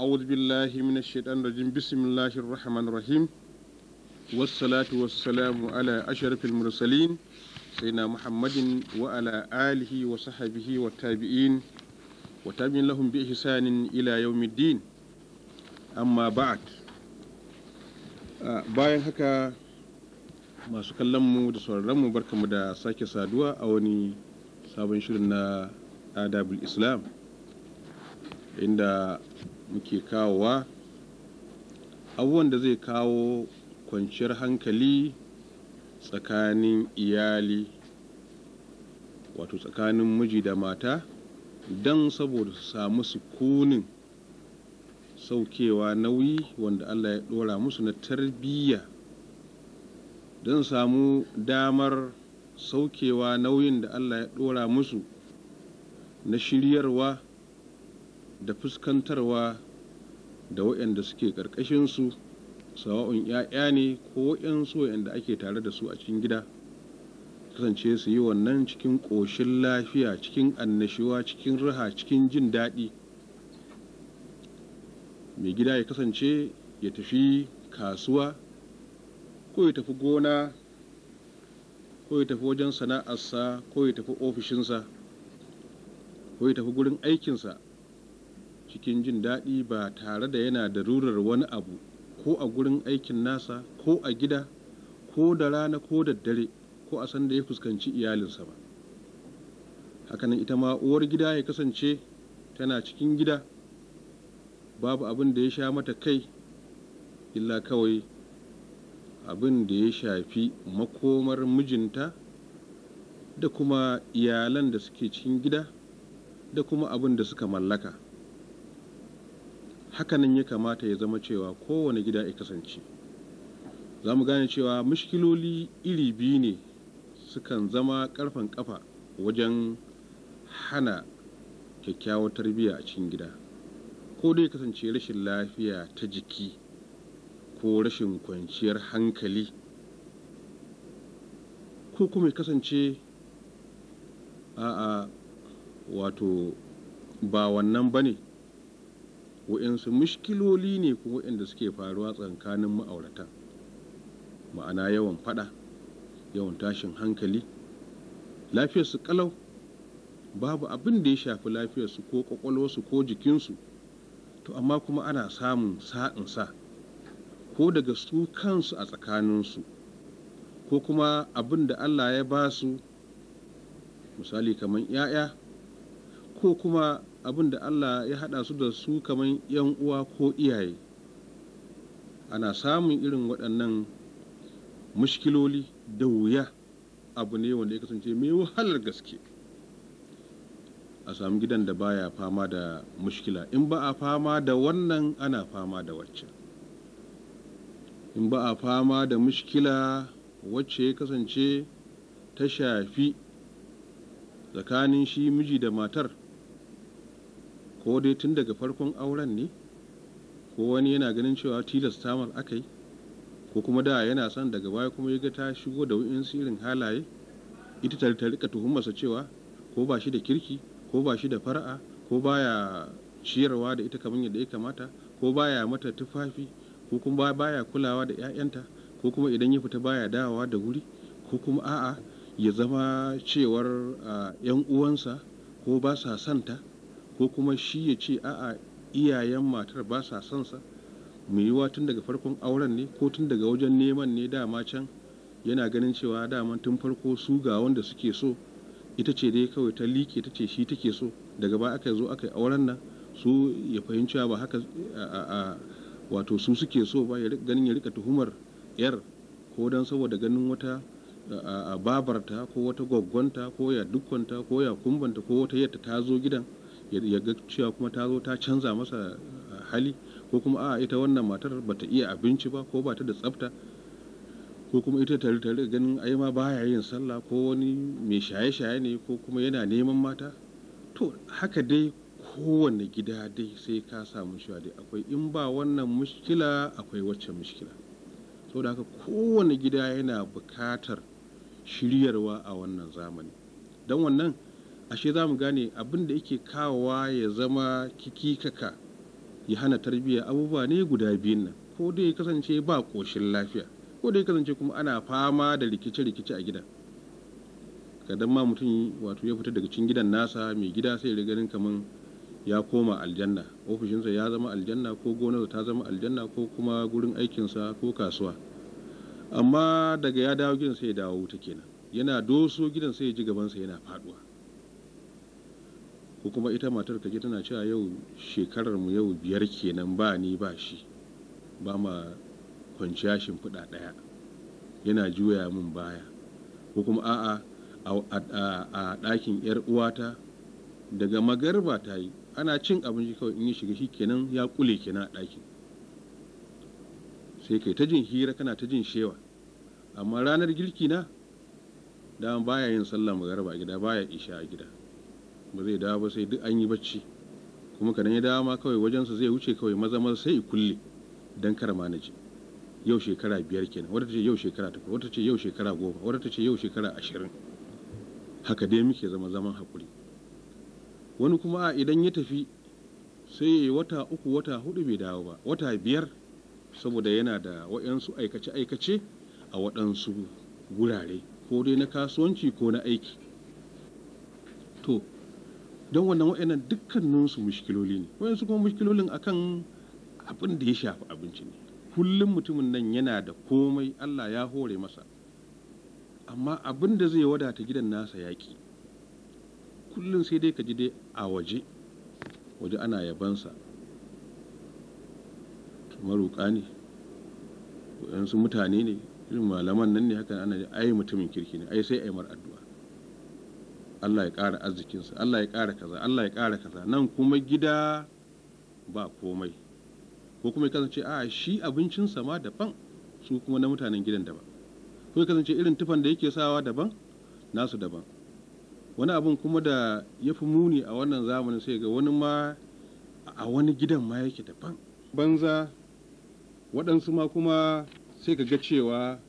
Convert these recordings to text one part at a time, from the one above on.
أعوذ بالله من الشيطان الرجيم بسم الله الرحمن الرحيم والصلاة والسلام على أشرف المرسلين سيدنا محمد وعلى آله وصحبه والتابعين وتابعين لهم بإحسان إلى يوم الدين أما بعد bayan haka masu kallonmu da sauraronmu barkamu da sake saduwa a wani sabon shirin na adabul islam inda muke kawowa abubuwan da zai kawo kwanciyar hankali tsakanin iyali wato tsakanin miji da mata don saboda su samu sukunin saukewa nauyi wanda allah ya dora musu na tarbiyya don samu damar saukewa nauyin da allah ya dora musu na shiryarwa da fuskantarwa da waɗanda suke ƙarƙashinsu sawa'un 'ya'ya ne ko waɗansu waɗanda ake tare da su a cikin gida kasance su yi wannan cikin ƙoshin lafiya cikin annashuwa cikin raha cikin jin daɗi mai gida ya kasance ya tafi kasuwa ko ya tafi gona ko ya tafi wajen sana'arsa ko ya tafi ofishinsa ko ya tafi gurin aikinsa cikin jin daɗi ba tare da yana da rurar wani abu ko a gurin aikin nasa ko a gida ko da rana ko da dare ko a sanda ya fuskanci iyalinsa ba hakanan ita ma uwar gida ya kasance tana cikin gida babu abin da ya sha mata kai illa kawai abin da ya shafi makomar mijinta da kuma iyalan da suke cikin gida da kuma abin da suka mallaka hakanan ya kamata ya zama cewa kowane gida ya kasance za mu gane cewa mushkiloli iri biyu ne sukan zama karfan kafa wajen hana kyakkyawar tarbiyya a cikin gida ko dai kasance rashin lafiya ta jiki ko rashin kwanciyar hankali ko kuma ya kasance a'a wato ba wannan ba ne wa'insu mushkiloli ne kuma waɗanda suke faruwa tsakanin ma'aurata ma'ana yawan fada yawan tashin hankali lafiyarsu kalau babu abin da ya shafi lafiyar su, ko ƙwaƙwalwarsu ko jikinsu to amma kuma ana samun sa'in sa ko daga su kansu a tsakaninsu ko kuma abin da allah ya ba su misali kamar 'ya'ya ko kuma abin da allah ya haɗa su da su kamar yan uwa ko iyaye ana samun irin waɗannan mushkiloli da wuya abu ne wanda ya kasance mai wahalar gaske a sami gidan da baya fama da mushkila in ba a fama da wannan ana fama da waccan in ba a fama da mushkila wacce ya kasance ta shafi tsakanin shi miji da matar ko dai tun daga farkon auren ne ko wani yana ganin cewa tilasta tamar aka yi ko kuma da yana son daga baya kuma ya ga ta shigo da wa'in irin halaye ita ta ta rika tuhumarsa cewa ko ba shi da kirki ko ba shi da fara'a ko baya ciyarwa da ita kamar yadda ya kamata ko baya mata tufafi ko kuma baya kulawa da 'ya'yanta ko kuma idan ya fita baya dawowa da wuri ko kuma a'a ya zama cewar 'yan ah, uwansa ko ba sa santa ko kuma shi ya ce a'a iyayen matar ba sa son sa mu yiwa tun daga farkon auren ne ko tun daga wajen neman ne dama can yana ganin cewa dama tun farko su ga wanda suke so ita ce dai kawai ta liƙe ta ce shi take so daga ba aka zo aka yi auren nan su ya fahimci ba haka a wato su suke so ba ganin ya rika tuhumar yar ko don saboda ganin wata a babarta ko wata gwaggwanta ko ya dukkanta ko ya kumbanta ko wata yadda ta zo gidan ya ga cewa kuma ta zo ta canza masa eh, hali ko kuma a ita wannan matar bata iya abinci ba ko bata da tsafta ko kuma ita tare tare ganin ai ma baya yin sallah ko wani mai shaye-shaye ne ko kuma yana neman mata to haka dai kowanne gida dai sai ka samu cewa dai akwai in ba wannan mushkila akwai wacce mushkila saboda haka kowanne gida yana bukatar shiryarwa a wannan zamani don wannan ashe za mu gane abin da yake kawowa ya zama kikikaka ya hana tarbiyya abubuwa ne guda biyun nan ko dai ya kasance ba ƙoshin lafiya ko dai ya kasance kuma ana fama da rikice-rikice a gida kadan ma mutum wato ya fita daga cikin gidan nasa mai gida sai ya ganin kaman ya koma aljanna ofishinsa ya zama aljanna ko gonarsa ta zama aljanna ko kuma gurin aikinsa ko kasuwa amma daga ya dawo gidan sai ya dawo wuta kenan yana doso gidan sai ya ji gabansa yana faduwa ko kuma ita matar kaje tana cewa yau shekarar mu yau biyar kenan ba ni ba shi ba ma kwanciya shimfiɗa ɗaya yana juya min baya ko kuma a'a a ɗakin yar uwata daga magarba ta yi ana cin abinci kawai in yi shiga shi kenan ya kule kenan a ɗakin sai kai ta jin hira kana ta jin shewa amma ranar girki na dama baya yin sallah magarba a gida baya isha a gida ba zai dawo ba sai duk an yi bacci kuma kadan ya dawo ma kawai wajensa zai wuce kawai maza maza sai ya kulle dan kar ma naji yau shekara biyar kenan wata ce yau shekara ta wata ce yau shekara goma wata ce yau shekara ashirin haka dai muke zama zaman hakuri wani kuma a idan ya tafi sai ya wata uku wata hudu bai dawo ba wata biyar saboda yana da waɗansu aikace-aikace a waɗansu gurare ko dai na kasuwanci ko na aiki don wannan wa'annan dukkaninsu mushkiloli ne su kuma mushkilolin akan abin da ya shafi abinci ne kullum mutumin nan yana da komai Allah ya hore masa amma abin da zai wadata gidan nasa yaƙi kullum sai dai ka ji dai a waje waje ana yabansa maruƙa ne su mutane ne irin malaman nan ne haka ana ai mutumin kirki ne ai sai ai mar addu'a Allah ya ƙara arzikinsa Allah ya ƙara kaza Allah ya ƙara kaza nan kuma gida ba komai ko kuma ya kasance a shi abincinsa ma daban su kuma na mutanen gidan daban ko ya kasance irin tufan da yake sawa daban nasu daban wani abun kuma da ya fi muni a wannan zamanin sai ga wani ma a wani gidan ma yake daban banza waɗansu ma kuma sai ka ga cewa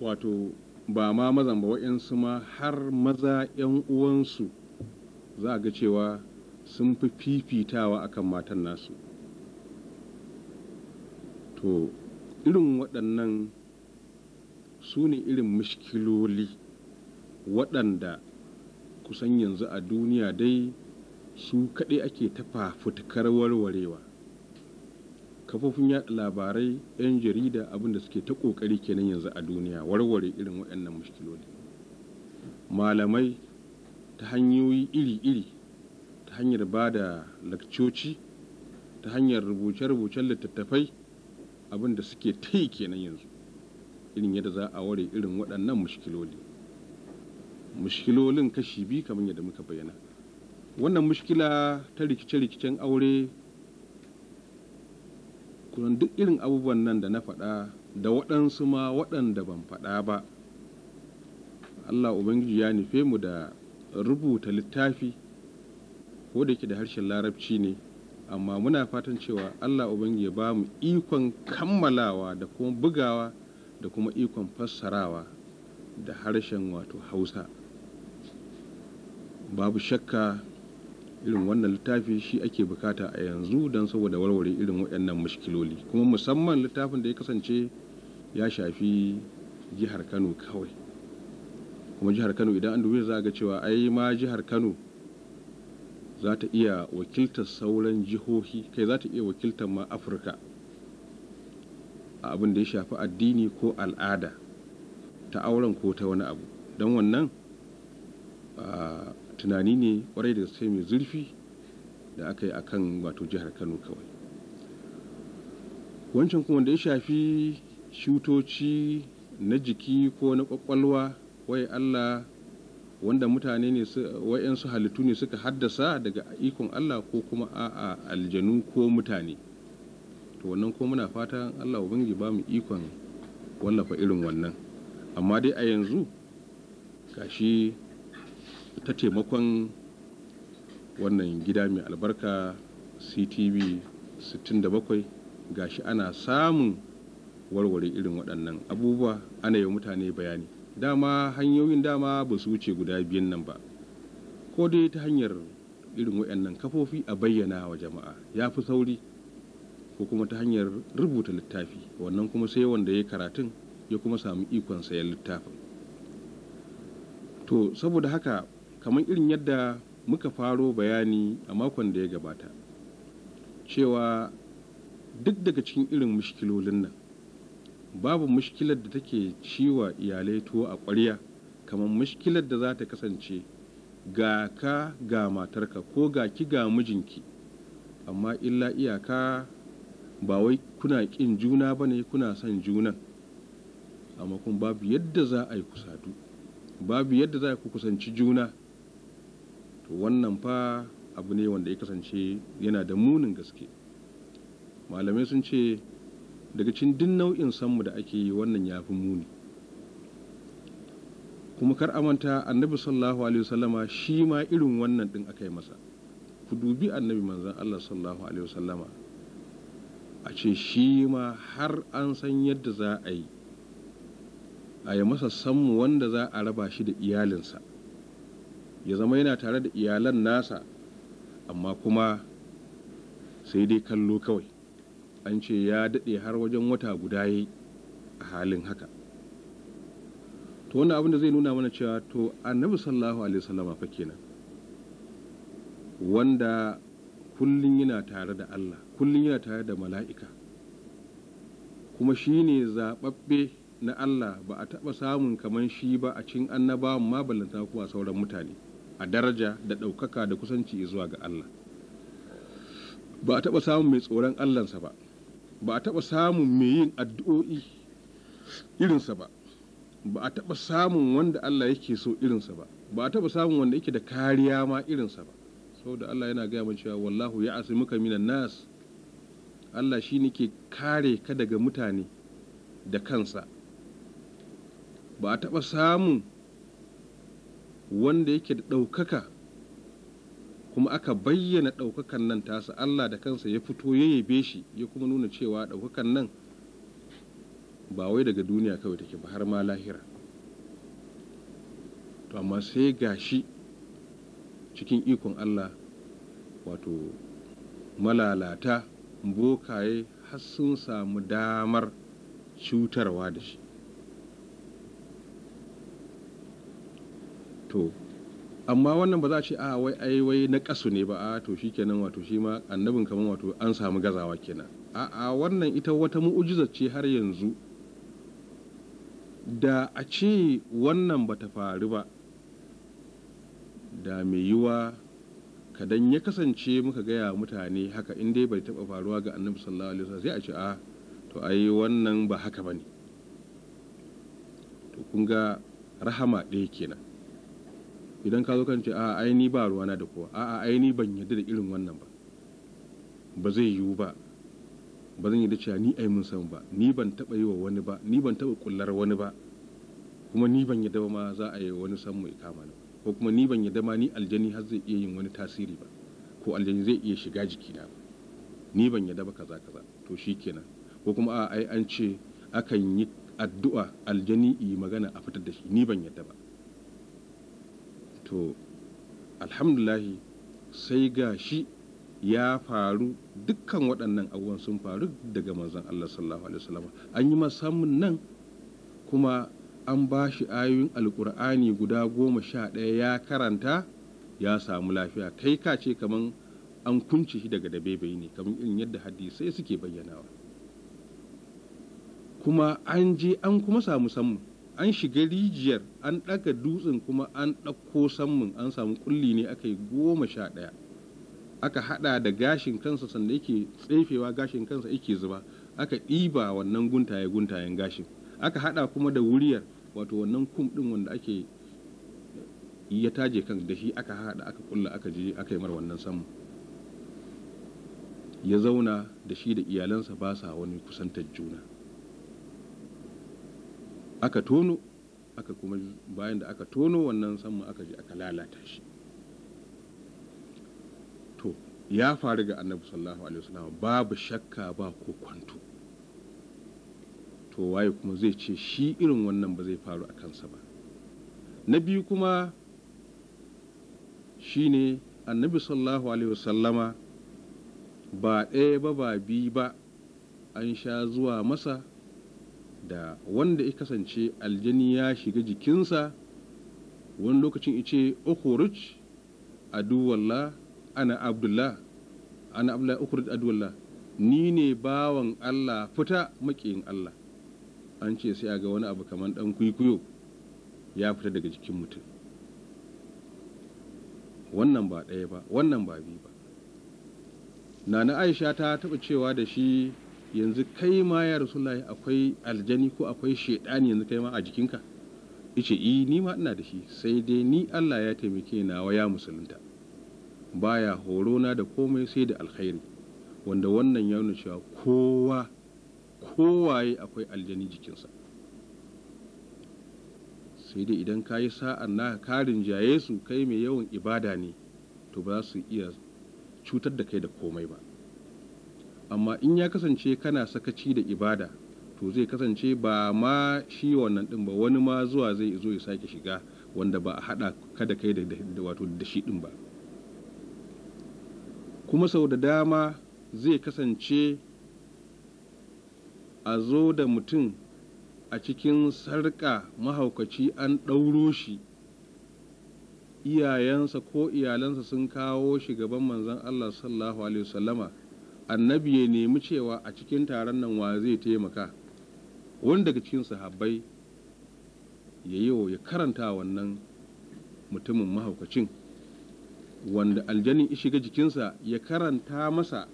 wato ba ma mazan ba wa'yansu ma har maza 'yan uwansu za a ga cewa sun fi fifitawa akan matan nasu to irin waɗannan su ne irin muskiloli waɗanda kusan yanzu a duniya dai su kaɗai ake tafa fitkar warwarewa kafofin yaɗa labarai 'yan jarida abinda suke ta ƙoƙari kenan yanzu a duniya warware irin waɗannan mushkiloli malamai ta hanyoyi iri-iri ta hanyar ba da lakcoci ta hanyar rubuce-rubucen littattafai abin da suke ta yi kenan yanzu irin yadda za a ware irin waɗannan mushkiloli mushkilolin kashi biyu kamar yadda muka bayyana wannan mushkila ta rikice-rikicen aure kuran duk irin abubuwan nan da na faɗa da waɗansu ma waɗanda ban faɗa ba allah ubangiji ya nufe mu da rubuta littafi ko da ke da harshen larabci ne amma muna fatan cewa allah ubangiji ya ba mu ikon kammalawa da kuma bugawa da kuma ikon fassarawa da harshen wato hausa babu shakka irin wannan littafi shi ake bukata a yanzu don saboda warware irin waɗannan muskiloli. kuma musamman littafin da ya kasance ya shafi jihar kano kawai kuma jihar kano idan an dubi za ga cewa ai ma jihar kano za ta iya wakiltar sauran jihohi kai za ta iya wakiltar ma afirka a abin da ya shafi addini ko al'ada ta auren ko ta wani abu don wannan ah, tunani ne kwarai da sai mai zurfi da aka yi a kan wato jihar kano kawai wancan kuma da ya shafi shutoci na jiki ko na kwakwalwa wai allah wanda mutane ne wa'yansu halittu ne suka haddasa daga ikon allah ko kuma a'a aljanu ko mutane to wannan ko muna fatan allah ubangi ba mu ikon wallafa irin wannan amma dai a yanzu gashi ta taimakon wannan gida mai albarka ctv 67 shi ana samun warware irin waɗannan abubuwa ana yi mutane bayani dama hanyoyin dama ba su wuce guda biyan nan ba ko dai ta hanyar irin waɗannan kafofi a bayyana wa jama'a ya fi sauri ko kuma ta hanyar rubuta littafi wannan kuma sai wanda ya karatun ya kuma sami ikon sayan littafin to saboda haka kamar irin yadda muka faro bayani a makon da ya gabata cewa duk daga cikin irin mushkilolin nan babu mushkilar da take ciwa iyalai tuwo a ƙwarya kamar mushkilar da za ta kasance ga ka ga matarka ko ga ki ga mijinki amma illa iyaka ba wai kuna ƙin juna ba ne kuna son juna amma kuma babu yadda za a yi kusatu babu yadda za ku kusanci juna to wannan fa abu ne wanda ya kasance yana da munin gaske malamai sun ce daga cin din nau'in sanmu da ake yi wannan ya fi muni kuma kar amanta annabi sallallahu alaihi wasallama shi ma irin wannan din aka yi masa ku dubi annabi manzan Allah sallallahu alaihi wasallama a ce shi ma har an san yadda za a yi a yi masa sanmu wanda za a raba shi da iyalinsa ya zama yana tare da iyalan nasa amma kuma sai dai kallo kawai an ce ya daɗe har wajen wata guda yi a halin haka to wani abin zai nuna mana cewa to annabi sallahu alaihi wasallama fa kenan wanda kullum yana tare da Allah kullum yana tare da mala'ika kuma shi ne zaɓaɓɓe na Allah ba a taɓa samun kamar shi ba a cin annaba ma ballanta kuwa sauran mutane a daraja da ɗaukaka da kusanci zuwa ga Allah ba a taɓa samun mai tsoron Allahnsa ba ba a taɓa samun mai yin addu'o'i irinsa ba ba a taɓa samun wanda Allah yake so irinsa ba ba a taɓa samun wanda yake da kariya ma irinsa ba saboda Allah yana gaya mana cewa wallahu ya muka minan nas Allah shi ne ke kare ka daga mutane da kansa ba a taɓa samun wanda yake da ɗaukaka kuma aka bayyana ɗaukakan nan tasa Allah da kansa ya fito ya yabe shi ya kuma nuna cewa ɗaukakan nan ba wai daga duniya kawai take ba har ma lahira to amma sai ga shi cikin ikon Allah wato malalata bokaye har sun samu damar cutarwa da shi to amma wannan ba za a ce a ah, wai ai wai na kasu ne ba a to shi kenan wato shi ma annabin kaman wato an samu gazawa kenan a a wannan ita wata mu'ujiza ce har yanzu da a ce wannan ba ta faru ba da mai yiwa kadan ya kasance muka gaya mutane haka in dai bai taba faruwa ga annabi sallallahu alaihi wasallam sai a ce a ah, to ai wannan ba haka bane to kun ga rahama ɗaya kenan idan ka zo kan ce a'a ai ni ba ruwana da kowa a'a ai ni ban yadda da irin wannan ba ba zai yiwu ba ba zan yadda cewa ni ai mun san ba ni ban taba yi wa wani ba ni ban taba kullar wani ba kuma ni ban yadda ma za a yi wani san mai kama ni ko kuma ni ban yadda ma ni aljani har zai iya yin wani tasiri ba ko aljani zai iya shiga jikina ba ni ban yadda ba kaza kaza to shikenan ko kuma a'a ai an ce akan yi addu'a aljani yi magana a fitar da shi ni ban yadda ba to alhamdulahi sai ga shi ya faru dukkan waɗannan abubuwan sun faru daga manzon Allah sallallahu alaihi wasallam an yi samun nan kuma an ba shi ayoyin alkur'ani guda goma sha ɗaya ya karanta ya samu lafiya kai ka ce kaman an kunce shi daga dabebe ne kamar irin yadda hadisai suke bayyanawa kuma an je an kuma samu samun. an shiga rijiyar an ɗaga dutsen kuma an ɗauko sammun an samu kulli ne aka yi goma sha ɗaya aka haɗa da gashin kansa sanda yake tsefewa gashin kansa yake zuba aka ɗiba wannan guntaye guntayen gashin aka haɗa kuma da wuriyar wato wannan kum ɗin wanda ake ya taje kan da shi aka haɗa aka kulla aka je aka yi mar wannan sammu ya zauna da shi da iyalansa ba sa wani kusantar juna aka tono aka kuma bayan da aka tono wannan saman aka je aka lalata shi to ya faru ga annabi sallallahu alaihi wasallam babu shakka ba ko kwanto to waye kuma zai ce shi irin wannan ba zai faru a kansa ba na biyu kuma shine annabi sallallahu alaihi wasallama ba ɗaya ba ba biyu ba an sha zuwa masa da wanda ya kasance aljani ya shiga jikinsa wani lokacin ice ukhruj aduwallah ana abdullah ana abdullah ukhruj aduwallah ni ne bawan Allah fita makiyin Allah an ce sai a ga wani abu kamar dan kwikwiyo ya fita daga jikin mutum wannan ba ɗaya ba wannan ba biyu ba na na aisha ta taɓa cewa da shi yanzu kai ma ya rasulullahi akwai aljani ko akwai shaidani yanzu kai ma a jikinka yace i eh, ni ma ina da shi sai dai ni Allah ya taimake na waya musulunta baya horo na da komai sai da alkhairi wanda wannan ya nuna cewa kowa kowaye akwai aljani jikinsa sai dai idan ka yi sa'an na karin jaye su kai mai yawan ibada ne to ba za su iya cutar da kai da komai ba amma in ya kasance kana sakaci da ibada to zai kasance ba ma shi wannan din ba wani ma zuwa zai zo ya sake shiga wanda ba a hada kada kai da wato da shi din ba kuma sau da dama zai kasance a zo da mutum a cikin sarƙa mahaukaci an ɗauro shi iyayensa ko iyalansa sun kawo shi gaban manzan Allah sallallahu alaihi wasallama annabi ya nemi cewa a cikin taron nan wa zai taimaka wani daga cikin sahabbai ya yi ya karanta wannan mutumin mahaukacin wanda aljanin shiga jikinsa ya karanta masa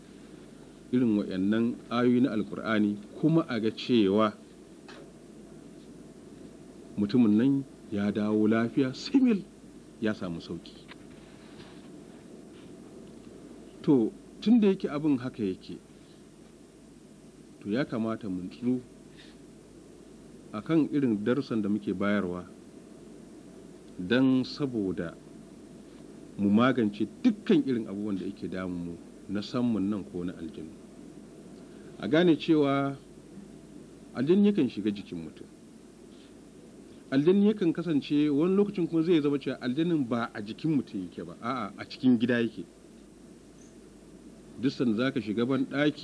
irin wayannan ayoyi na alkur'ani kuma a ga cewa mutumin nan ya dawo lafiya simil ya samu sauki to tun da yake abin haka yake to ya kamata mu tsu a kan irin darussan da muke bayarwa don saboda mu magance dukkan irin abubuwan da yake damu na samun nan ko na aljinu a gane cewa aljin yakan shiga jikin mutum aljin yakan kasance wani lokacin kuma zai zama cewa aljinin ba a jikin mutum yake ba a'a a cikin gida yake dusan za zaka shiga ban daki